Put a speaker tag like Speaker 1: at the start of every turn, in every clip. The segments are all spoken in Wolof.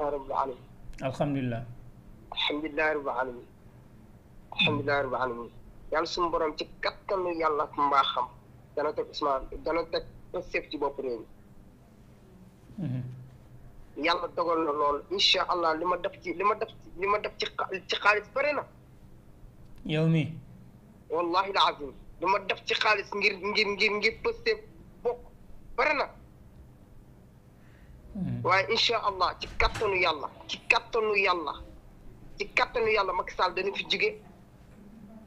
Speaker 1: alhamdulilah rabbil alamin alhamdulilah alhamdulilah rabbil alamin alhamdulilah rabbil alamin yàlla suñu borom ci kattanu yàlla ak mbaaxam dana teg Ousmane dana teg Pastef ci bopp réew mi mhm. yàlla dogal na lool incha allah li ma def ci li ma def ci li ma def ci ci xaalis bare na yow mi wallahi la azim li ma def ci xaalis ngir ngir ngir ngir Pastef bokk bare na waaye incha allah ci kattanu yàlla ci kattanu yàlla ci kattanu yàlla Macky Sall dana fi jige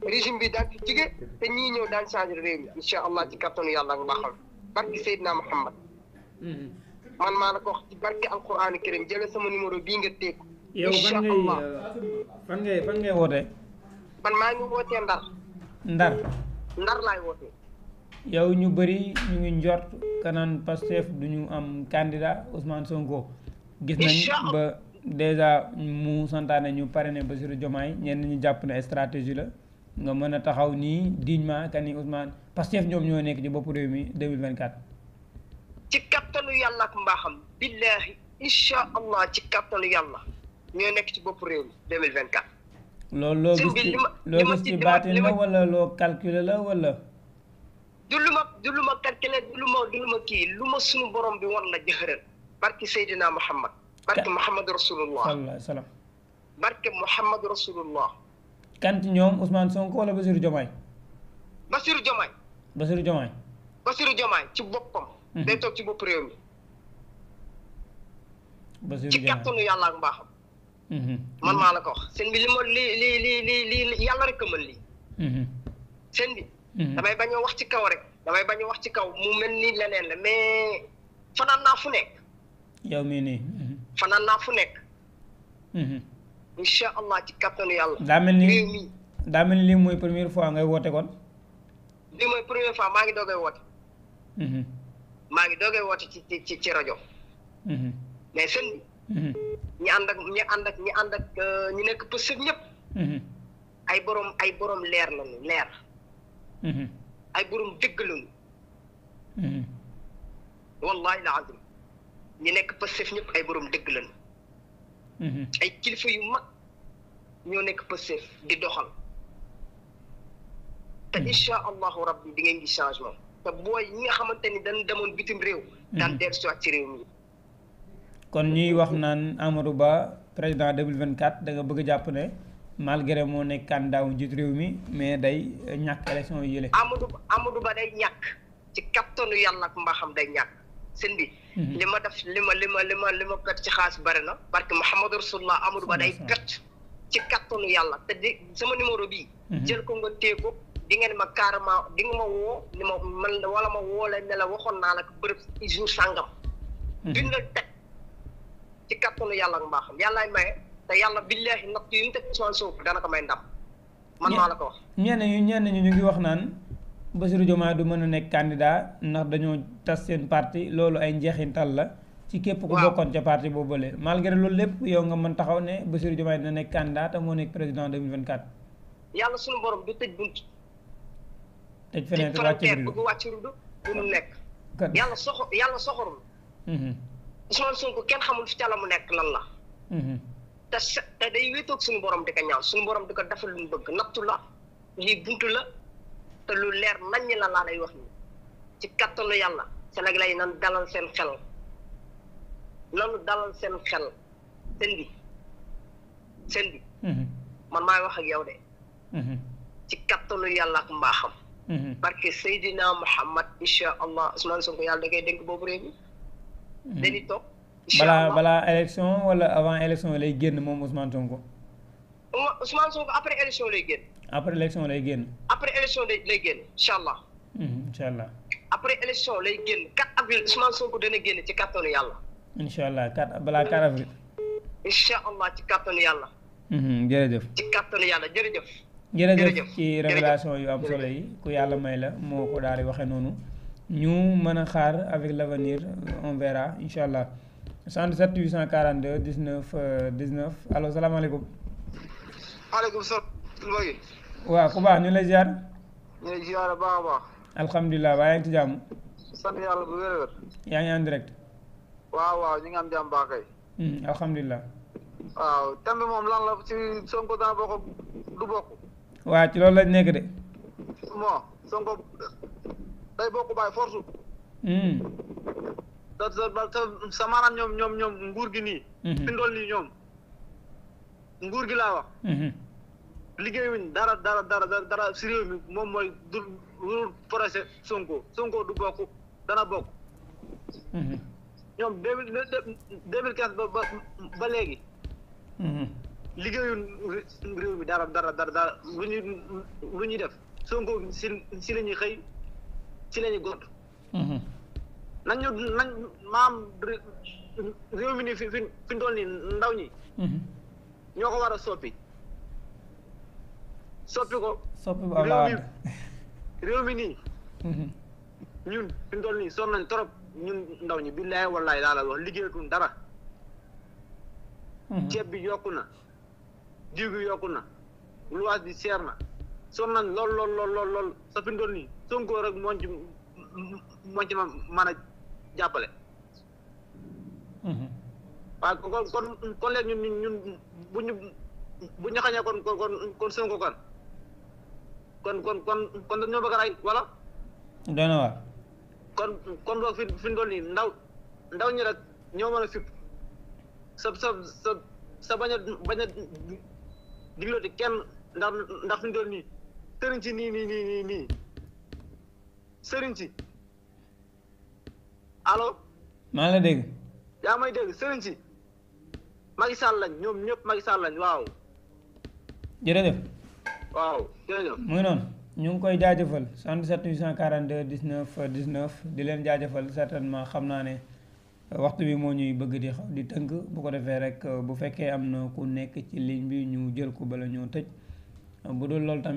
Speaker 1: régime bi daan fi jige ñëw daan changer réew mi allah ci kattanu yàlla nga baaxal barki Seydina Muhammad mm-hmm. man maa la ko wax ci barki alquraan karim jële sama numéro bii nga teg yow fan ngay fan ngay fan maa ngi wootee ndar ndar ndar laay
Speaker 2: yow ñu bëri ñu ngi njort kanaan Pastef du ñu am candidat Ousmane Sonko. gis nañ ba dèjà mu santaane ñu ba Bassirou Diomaye ñenn ñu jàpp na stratégie la nga mën a taxaw nii dignement kan ni Ousmane Pastef ñoom ñoo nekk ci bopp réew mi 2024. ci
Speaker 1: kattanu yàlla ak mbaaxam billaahi incha allah ci kattanu yàlla ñoo nekk ci bopp réew mi
Speaker 2: loolu loo gis ci loo gis ci baatin la wala loo calculer la walla
Speaker 1: du lu ma du lu ma calculé du lu ma du lu ma kii lu ma sunu borom bi wan la jëxëral barke Seydina Muhammad barke Muhammad Rasulullah sallallahu alayhi wa sallam barke Muhammad Rasulullah
Speaker 2: kan ci ñoom Ousmane Sonko wala Bassirou Diomaye
Speaker 1: Bassirou Diomaye Bassirou Diomaye Bassirou ci boppam mhm. day toog ci bopp réew mi
Speaker 2: Bassirou Diomaye ci kattanu yàlla ak mhm.
Speaker 1: man maa la ko wax seen bi li ma li li li li yàlla rek mën lii mhm. seen bi Mm-hmm. damay bañ a wax ci kaw rek damay bañ wax ci kaw mu mel nii leneen la mais fanaan naa fu nekk.
Speaker 2: yow mii nii. Mm-hmm.
Speaker 1: fanaan naa fu nekk. Mm-hmm. incha allah ci kattanu yàlla. daa mel ni
Speaker 2: daa mel ni lii mooy première fois ngay woote kon.
Speaker 1: lii mooy première fois maa ngi doogay woote. maa ngi doogay woote ci ci ci ci rajo. mais seen bi. ñi ànd ak ñi ànd ak ñi ànd euh, ñi nekk pësëg ñëpp. ay borom ay borom leer lañu leer. Mm-hmm. ay borom dëgg lañu mm-hmm. wallahi la azim ñu nekk Pastef ñëpp ay borom dëgg lañu mm-hmm. ay kilifa yu mag ñoo nekk Pastef di doxal te insha allahu rabbi di ngeen gis changement te booy ñi nga xamante ni dañ demoon bitim réew daan dellu si ci réew mi
Speaker 2: kon ñuy wax naan Amadou Ba président 2024 da nga bëgg jàpp ne malgré moo nekk candidat wu réew mi mais day ñàkk élection yi yële.
Speaker 1: Amadou Amadou Ba day ñàkk ci kattanu yàlla ak mbaxam day ñàkk seen bi. Mhm. li ma def li ma li ma li ma li ci xaalis bari na. parce que Mouhamadou Rasulullah Amadou Ba day perte ci kattanu yàlla te di sama numéro bii. Mhm. jël ko nga téye ko di ngeen ma carrément di ma woo ni ma man wala ma woo la ne la waxoon naa la ko bërëb jour sàngam. Mhm. duñ la teg ci kattanu yàlla ak mbaaxam yàllaay maye. te yàlla billahi natt yi mu teg Ousmane Sonko dana ko may ndam. man maa la ko wax.
Speaker 2: ñenn ñu ñenn ñu ñu ngi wax naan Bassirou Diomaye du mën a nekk candidat ndax dañoo tas seen parti loolu ay njeexintal la. ci képp ku bokkoon ca boobu boobule. malgré loolu lépp yow nga man taxaw ne Bassirou Diomaye dina nekk candidat te moo nekk président 2024.
Speaker 1: yàlla sunu borom du tëj bunt.
Speaker 2: tëj fenêtre wàcc ruudu tëj
Speaker 1: wàcc ruudu bu mu nekk. kon yàlla soxor yàlla soxorul. Mhm. Ousmane Sonko kenn xamul fi ca mu nekk lan la. Mhm. te te day wéetoog suñu borom di ko ñaan suñu borom di ko dafa lu mu bëgg nattu la lii buntu la te lu leer naññ la laa lay wax ni ci kattanu yàlla Sénégalais yi nan dalal seen xel nanu dalal seen xel seen bi seen bi mhm. man maay wax ak yow de mhm. ci kattanu yàlla ak mbaaxam parce mhm. que Seydina Mouhamad incha allah Ousmane Sonko yàlla da koy dénk boobu réew mi dañuy balaa balaa
Speaker 2: élection wala avant élection lay génn moom Ousmane Sonko.
Speaker 1: Ousmane Sonko après élection lay génn.
Speaker 2: après élection lay génn.
Speaker 1: après élection lay génn incha allah.
Speaker 2: Hmm, incha allah.
Speaker 1: après élection lay génn 4 avril Ousmane Sonko dana génn ci kàttanu yàlla.
Speaker 2: incha allah 4 balaa 4 avril.
Speaker 1: incha allah ci kàttanu yàlla.
Speaker 2: Hmm, jërëjëf. ci
Speaker 1: kàttanu yàlla jërëjëf.
Speaker 2: jërëjëf ci révélation yu am solo yi ku yàlla may la moo ko daal di waxee noonu ñu mën a xaar avec l' avenir on allah. 77 842 19 euh, 19 allo salaamaaleykum. maaleykum salaam. waaw ku baax ñu lay ziar.
Speaker 3: ñu lay ziar baax a baax.
Speaker 2: alhamdulilah waaye ci jàmm.
Speaker 3: sant yàlla bu wér-wér. yaa ngi en direct. waaw waaw ñu ngi am jàmm baax kay.
Speaker 2: Hmm, alhamdulilah.
Speaker 3: waaw thème moom lan la ci Sonko dana bokk du bokk.
Speaker 2: waaw ci loolu la nekk de.
Speaker 3: bon Sonko day bokk bàyyi force. Hmm. dootul dootul sa maanaam ñoom ñoom ñoom nguur gi nii. Mhm. fi ndool ñoom nguur gi laa wax. Mhm. liggéeyuñ dara dara dara dara si réew mi moom mooy du lu projet Sonko Sonko du bokk dana bokk. Mhm. ñoom deux mille deux ba ba ba léegi. liggéeyuñ réew mi dara dara dara dara lu ñuy def Sonko si si la xëy si la ñuy gont. nañ ñu nañ maam réew mi ni fi fi fi ndool ni ndaw ñi mhm. ñoo ko war a soppi soppi ko
Speaker 2: soppi ko réew mi
Speaker 3: réew mi nii mhm. ñun fi ndool nii sonn nañ trop ñun ndaw ñi billaay wallaay laa la wax liggéeyatuñ dara mhm. ceeb bi yokku na diw yokku na luwaas bi seer na sonn nañ lool lool lool lool lool sa fi ndool nii Sonko rek ma mën jàppale. waaw kon kon kon léegi ñun ñun bu ñu bu ñu xañee kon kon kon Sonko kon kon kon kon kon dañoo bëgg a rey wala. dana waar. kon kon boog fi fi doon nii ndaw ndaw ñi rek ñoo mën a fipp sa sa sa sa bañ a bañ kenn ndax ndax fi doon nii sëriñ si nii nii nii nii nii sëriñ si.
Speaker 2: allo. maa ngi la dégg.
Speaker 3: yaa may dégg sëriñ si. Macky Sall lañ ñoom ñëpp Macky Sall lañ waaw. jërëjëf. waaw mu ngi
Speaker 2: noonu ñu ngi koy jaajëfal 77 842 19 19 di leen jaajëfal certainement xam naa ne euh, waxtu bi moo ñuy bëgg di xaw di tënk bu ko defee rek euh, bu fekkee am na ku nekk ci ligne bi ñu jël ko bala ñoo tëj euh, bu dul loolu tamit.